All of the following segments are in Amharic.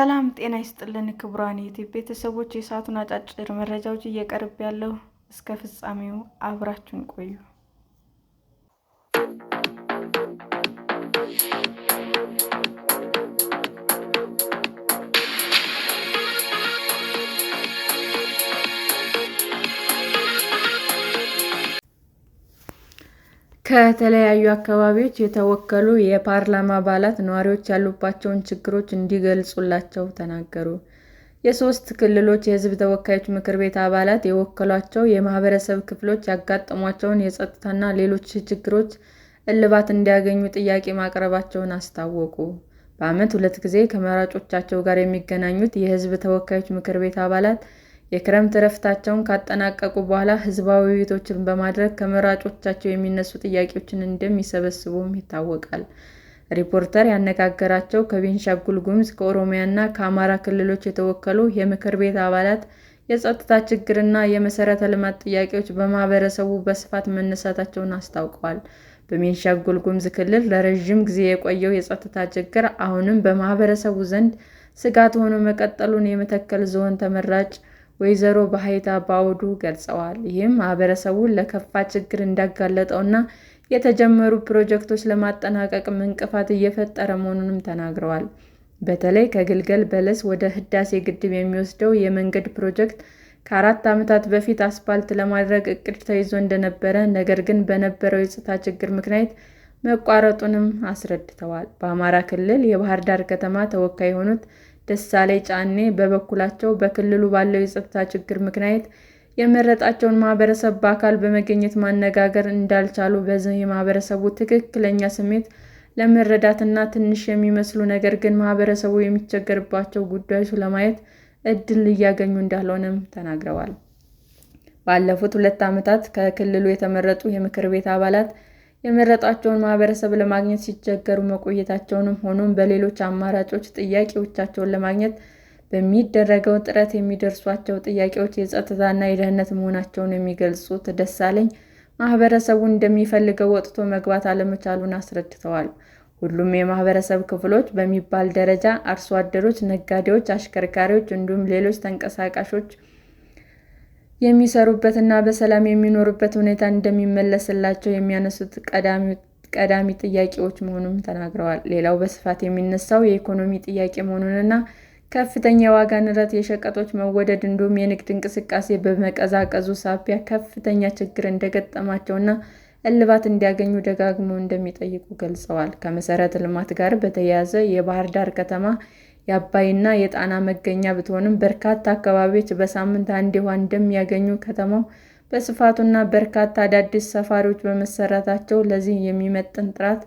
ሰላም ጤና ይስጥልን ክቡራን ዩቲብ ቤተሰቦች፣ የሰዓቱን አጫጭር መረጃዎች እየቀርብ ያለው እስከ ፍጻሜው አብራችን ቆዩ። ከተለያዩ አካባቢዎች የተወከሉ የፓርላማ አባላት ነዋሪዎች ያሉባቸውን ችግሮች እንዲገልጹላቸው ተናገሩ። የሶስት ክልሎች የሕዝብ ተወካዮች ምክር ቤት አባላት የወከሏቸው የማህበረሰብ ክፍሎች ያጋጠሟቸውን የጸጥታና ሌሎች ችግሮች እልባት እንዲያገኙ ጥያቄ ማቅረባቸውን አስታወቁ። በዓመት ሁለት ጊዜ ከመራጮቻቸው ጋር የሚገናኙት የሕዝብ ተወካዮች ምክር ቤት አባላት የክረምት ረፍታቸውን ካጠናቀቁ በኋላ ህዝባዊ ውይይቶችን በማድረግ ከመራጮቻቸው የሚነሱ ጥያቄዎችን እንደሚሰበስቡም ይታወቃል። ሪፖርተር ያነጋገራቸው ከቤንሻጉል ጉሙዝ፣ ከኦሮሚያ ከአማራ ክልሎች የተወከሉ የምክር ቤት አባላት የጸጥታ ችግርና የመሰረተ ልማት ጥያቄዎች በማህበረሰቡ በስፋት መነሳታቸውን አስታውቀዋል። በቤኒሻንጉል ጉሙዝ ክልል ለረዥም ጊዜ የቆየው የጸጥታ ችግር አሁንም በማህበረሰቡ ዘንድ ስጋት ሆኖ መቀጠሉን የመተከል ዞን ተመራጭ ወይዘሮ ባሕይታ ባውዱ ገልጸዋል። ይህም ማህበረሰቡን ለከፋ ችግር እንዳጋለጠውና የተጀመሩ ፕሮጀክቶች ለማጠናቀቅም እንቅፋት እየፈጠረ መሆኑንም ተናግረዋል። በተለይ ከግልገል በለስ ወደ ህዳሴ ግድብ የሚወስደው የመንገድ ፕሮጀክት ከአራት ዓመታት በፊት አስፓልት ለማድረግ እቅድ ተይዞ እንደነበረ፣ ነገር ግን በነበረው የፀጥታ ችግር ምክንያት መቋረጡንም አስረድተዋል። በአማራ ክልል የባህር ዳር ከተማ ተወካይ የሆኑት ደሳለኝ ጫኔ በበኩላቸው በክልሉ ባለው የጸጥታ ችግር ምክንያት የመረጣቸውን ማህበረሰብ በአካል በመገኘት ማነጋገር እንዳልቻሉ በዚህ የማህበረሰቡ ትክክለኛ ስሜት ለመረዳትና ትንሽ የሚመስሉ ነገር ግን ማህበረሰቡ የሚቸገርባቸው ጉዳዮች ለማየት እድል እያገኙ እንዳልሆነም ተናግረዋል። ባለፉት ሁለት ዓመታት ከክልሉ የተመረጡ የምክር ቤት አባላት የመረጣቸውን ማህበረሰብ ለማግኘት ሲቸገሩ መቆየታቸውንም ሆኖም በሌሎች አማራጮች ጥያቄዎቻቸውን ለማግኘት በሚደረገው ጥረት የሚደርሷቸው ጥያቄዎች የጸጥታና የደህንነት መሆናቸውን የሚገልጹት ደሳለኝ ማህበረሰቡ እንደሚፈልገው ወጥቶ መግባት አለመቻሉን አስረድተዋል። ሁሉም የማህበረሰብ ክፍሎች በሚባል ደረጃ አርሶ አደሮች፣ ነጋዴዎች፣ አሽከርካሪዎች እንዲሁም ሌሎች ተንቀሳቃሾች የሚሰሩበትና በሰላም የሚኖሩበት ሁኔታ እንደሚመለስላቸው የሚያነሱት ቀዳሚ ጥያቄዎች መሆኑን ተናግረዋል። ሌላው በስፋት የሚነሳው የኢኮኖሚ ጥያቄ መሆኑንና ከፍተኛ የዋጋ ንረት፣ የሸቀጦች መወደድ እንዲሁም የንግድ እንቅስቃሴ በመቀዛቀዙ ሳቢያ ከፍተኛ ችግር እንደገጠማቸውና እልባት እንዲያገኙ ደጋግመው እንደሚጠይቁ ገልጸዋል። ከመሰረተ ልማት ጋር በተያያዘ የባህር ዳር ከተማ የአባይና የጣና መገኛ ብትሆንም፣ በርካታ አካባቢዎች በሳምንት አንድ ውሃ እንደሚያገኙ ከተማው በስፋቱና በርካታ አዳዲስ ሰፋሪዎች በመሰራታቸው ለዚህ የሚመጥን ጥራት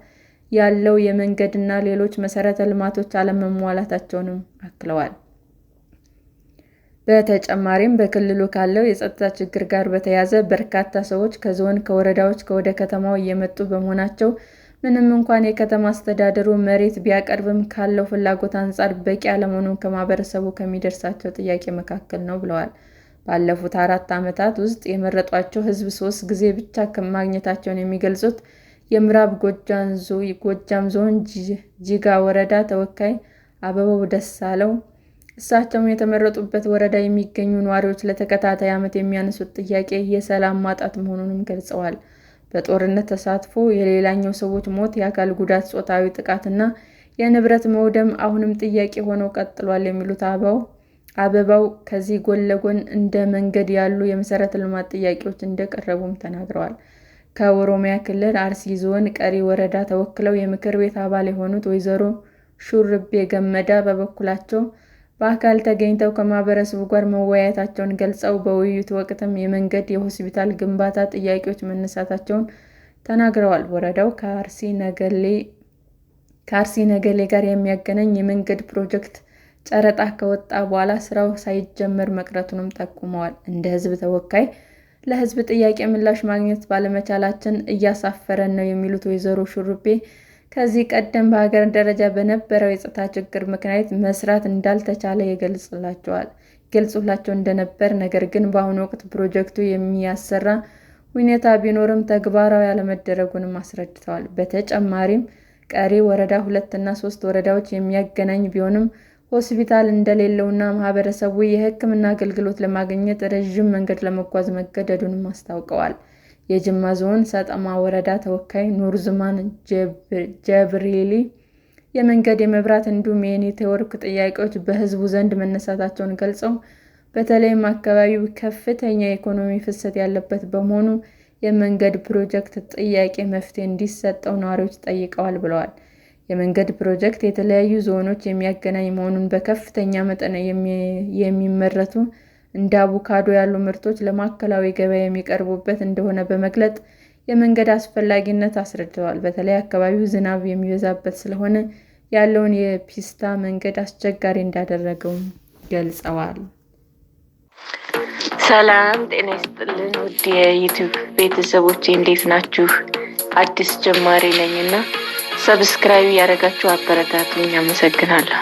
ያለው የመንገድና ሌሎች መሰረተ ልማቶች አለመሟላታቸውንም አክለዋል። በተጨማሪም በክልሉ ካለው የጸጥታ ችግር ጋር በተያያዘ በርካታ ሰዎች ከዞን፣ ከወረዳዎች ወደ ከተማው እየመጡ በመሆናቸው ምንም እንኳን የከተማ አስተዳደሩ መሬት ቢያቀርብም ካለው ፍላጎት አንጻር በቂ አለመሆኑን ከማህበረሰቡ ከሚደርሳቸው ጥያቄ መካከል ነው ብለዋል። ባለፉት አራት ዓመታት ውስጥ የመረጧቸው ህዝብ ሶስት ጊዜ ብቻ ማግኘታቸውን የሚገልጹት የምዕራብ ጎጃም ዞን ጂጋ ወረዳ ተወካይ አበባው ደሳለው፣ እሳቸውም የተመረጡበት ወረዳ የሚገኙ ነዋሪዎች ለተከታታይ ዓመት የሚያነሱት ጥያቄ የሰላም ማጣት መሆኑንም ገልጸዋል። በጦርነት ተሳትፎ፣ የሌላኛው ሰዎች ሞት፣ የአካል ጉዳት፣ ጾታዊ ጥቃትና የንብረት መውደም አሁንም ጥያቄ ሆነው ቀጥሏል የሚሉት አበባው፣ ከዚህ ጎን ለጎን እንደ መንገድ ያሉ የመሠረተ ልማት ጥያቄዎች እንደቀረቡም ተናግረዋል። ከኦሮሚያ ክልል አርሲ ዞን ቀሪ ወረዳ ተወክለው የምክር ቤት አባል የሆኑት ወይዘሮ ሹርቤ ገመዳ በበኩላቸው በአካል ተገኝተው ከማህበረሰቡ ጋር መወያየታቸውን ገልጸው በውይይቱ ወቅትም የመንገድ፣ የሆስፒታል ግንባታ ጥያቄዎች መነሳታቸውን ተናግረዋል። ወረዳው ከአርሲ ነገሌ ጋር የሚያገናኝ የመንገድ ፕሮጀክት ጨረጣ ከወጣ በኋላ ስራው ሳይጀመር መቅረቱንም ጠቁመዋል። እንደ ህዝብ ተወካይ ለሕዝብ ጥያቄ ምላሽ ማግኘት ባለመቻላችን እያሳፈረን ነው የሚሉት ወይዘሮ ሹሩቤ ከዚህ ቀደም በሀገር ደረጃ በነበረው የፀጥታ ችግር ምክንያት መስራት እንዳልተቻለ ገልጹላቸው እንደነበር፣ ነገር ግን በአሁኑ ወቅት ፕሮጀክቱ የሚያሰራ ሁኔታ ቢኖርም ተግባራዊ አለመደረጉንም አስረድተዋል። በተጨማሪም ቀሪ ወረዳ ሁለት እና ሶስት ወረዳዎች የሚያገናኝ ቢሆንም ሆስፒታል እንደሌለውና ማህበረሰቡ የሕክምና አገልግሎት ለማግኘት ረዥም መንገድ ለመጓዝ መገደዱንም አስታውቀዋል። የጅማ ዞን ሰጠማ ወረዳ ተወካይ ዝማን ጀብሪሊ የመንገድ፣ የመብራት እንዲሁም የኔትወርክ ጥያቄዎች በሕዝቡ ዘንድ መነሳታቸውን ገልጸው፣ በተለይም አካባቢው ከፍተኛ የኢኮኖሚ ፍሰት ያለበት በመሆኑ የመንገድ ፕሮጀክት ጥያቄ መፍትሄ እንዲሰጠው ነዋሪዎች ጠይቀዋል ብለዋል። የመንገድ ፕሮጀክት የተለያዩ ዞኖች የሚያገናኝ መሆኑን፣ በከፍተኛ መጠን የሚመረቱ እንደ አቮካዶ ያሉ ምርቶች ለማዕከላዊ ገበያ የሚቀርቡበት እንደሆነ በመግለጥ የመንገድ አስፈላጊነት አስረድተዋል። በተለይ አካባቢው ዝናብ የሚበዛበት ስለሆነ ያለውን የፒስታ መንገድ አስቸጋሪ እንዳደረገውም ገልጸዋል። ሰላም ጤና ይስጥልን ውድ የዩቲዩብ ቤተሰቦች እንዴት ናችሁ? አዲስ ጀማሪ ነኝ እና ሰብስክራይብ ያደረጋችሁ አበረታቱኝ። አመሰግናለሁ።